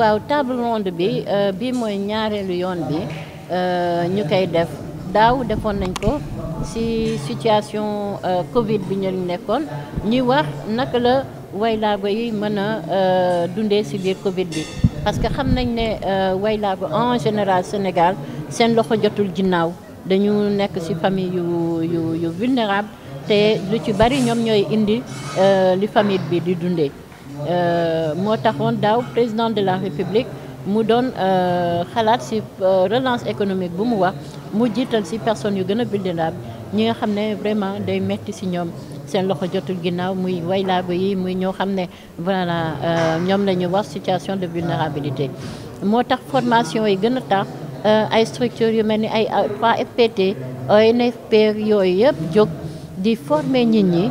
waaw table ronde bi mm-hmm. euh, bii mooy ñaareelu yoon bi euh, ñu koy def daaw defoon nañ ko ci situation euh, Covid bi ñu nekkoon ñuy wax naka la waylaago yi mën a dundee ci biir Covid bi parce que xam nañ ne waylaago en général Sénégal seen loxo jotul ginnaaw dañu nekk ci famille yu yu yu vulnérable te lu ci bari ñoom ñooy indi li famille bi di dundee. Euh, moo taxoon daaw président de la république mu doon euh, xalaat ci euh, relance économique bu mu wax mu jiital ci personne yu gëna a vulnérable ñi nga xamné vraiment day metti ci ñom seen loxo jotul ginnaw muy wayla ba yi muy ñoo xamné ne voilà ñom lañu wax situation de vulnérabilité motax formation yi gëna a tax ay structure yu mel ay 3FPT ONFP yooyu yëpp jóg di former nit ñi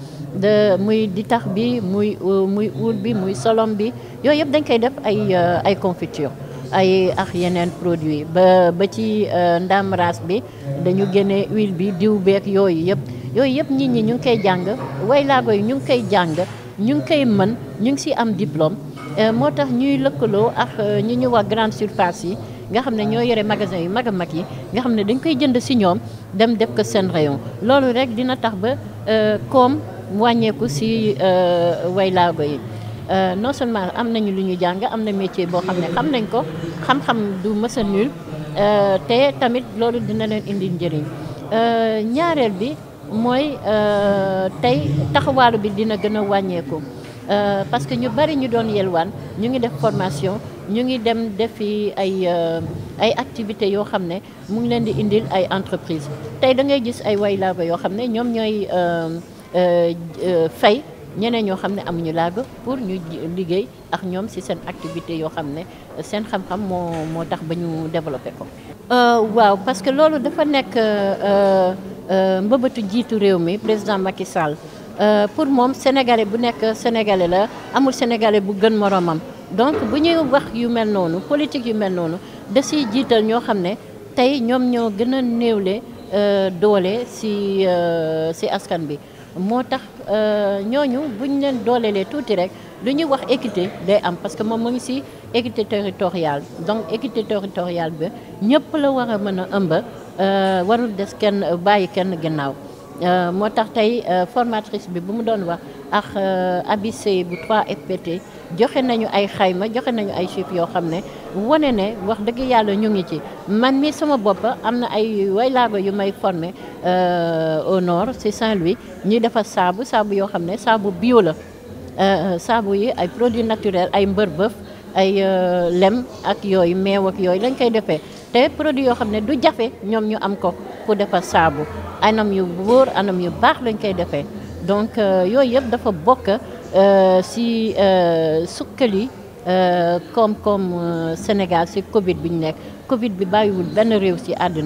de muy ditax bi muy euh, muy uur bi muy solom bi yooyu yëpp dañ koy def ay euh, ay confiture ay ak yeneen produit ba ba ci euh, ndam ras bi dañu génne huile bi diw beek yooyu yëpp yooyu yëpp nit ñi ñu ngi koy jàng way laago yi ñu ngi koy jàng ñu ngi koy mën ñu ngi si am diplôme moo tax ñuy lëkkaloo ak ñu ñu wax grande surface yi nga xam ne ñoo yore magasin yu mag a mag yi nga xam ne dañ koy jënd si ñoom dem def ko seen rayon loolu rek dina tax ba koom wàññeeku si euh, way laago yi euh, non seulement am nañu lu ñu jàng am na métier boo xam ne xam nañ ko xam-xam du mës a nul euh, te tamit loolu dina leen indi njëriñ ñaareel bi mooy tey taxawaalu bi dina gën a wàññeeku parce que ñu bari ñu doon yelwaan ñu ngi def formation ñu ngi dem defi ay ay activités yoo xam ne mu ngi leen di indil ay entreprise tey da ngay gis ay way yoo xam ne ñoom ñooy Euh, euh, fay ñeneen ñoo xam ne amuñu laago pour ñu liggéey ak ñoom ci seen activité yoo xam ne seen xam-xam moo moo tax ba ñu développé ko. Euh, waaw parce que loolu dafa nekk mbëbëtu jiitu réew mi président Macky Sall pour moom sénégalais bu nekk sénégalais la amul sénégalais bu gën moroomam donc bu ñuy wax yu mel noonu politique yu mel noonu da ciy jiital ñoo xam ne tey ñoom ñoo gën a néewle doole ci ci askan bi motax euh ñooñu buñ leen doolé lé touti rek lu wax équité day am parce que mom mo ngi ci équité territoriale donc équité territoriale bi ñepp la wara mëna mën euh warul des kenn bayyi kenn ginnaaw euh, moo tax tey euh, formatrice bi bu mu doon wax ak euh, abissé bu 3FPT joxé nañu ay xayma joxé nañu ay chiffres yo xamné woné né wax dëgg yalla ñu ngi ci man mi sama bop amna ay waylaago yu may formé euh, au nord c'est Saint-Louis ñi defar sabu sabu yo xamné sabu bio la euh, euh sabu yi ay produits naturels ay mbërbëf ay lem ak yoy meew ak yooyu lañ koy défé té produit yo xamné du jafé ñom ñu am ko pour défa sabu anam yu wóor anam yu bax lañ koy défé donc euh, yooyu dafa euh, si euh, sukkali comme Sénégal le Covid bi nek Covid bi venir aussi à le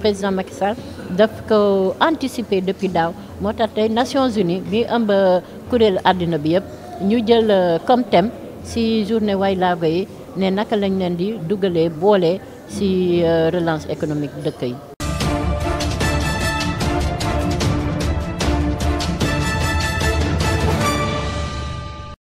président Macky Sall daf ko depuis lors motax Nations Unies bi ëmb bi comme thème si journée lañ di si relance économique de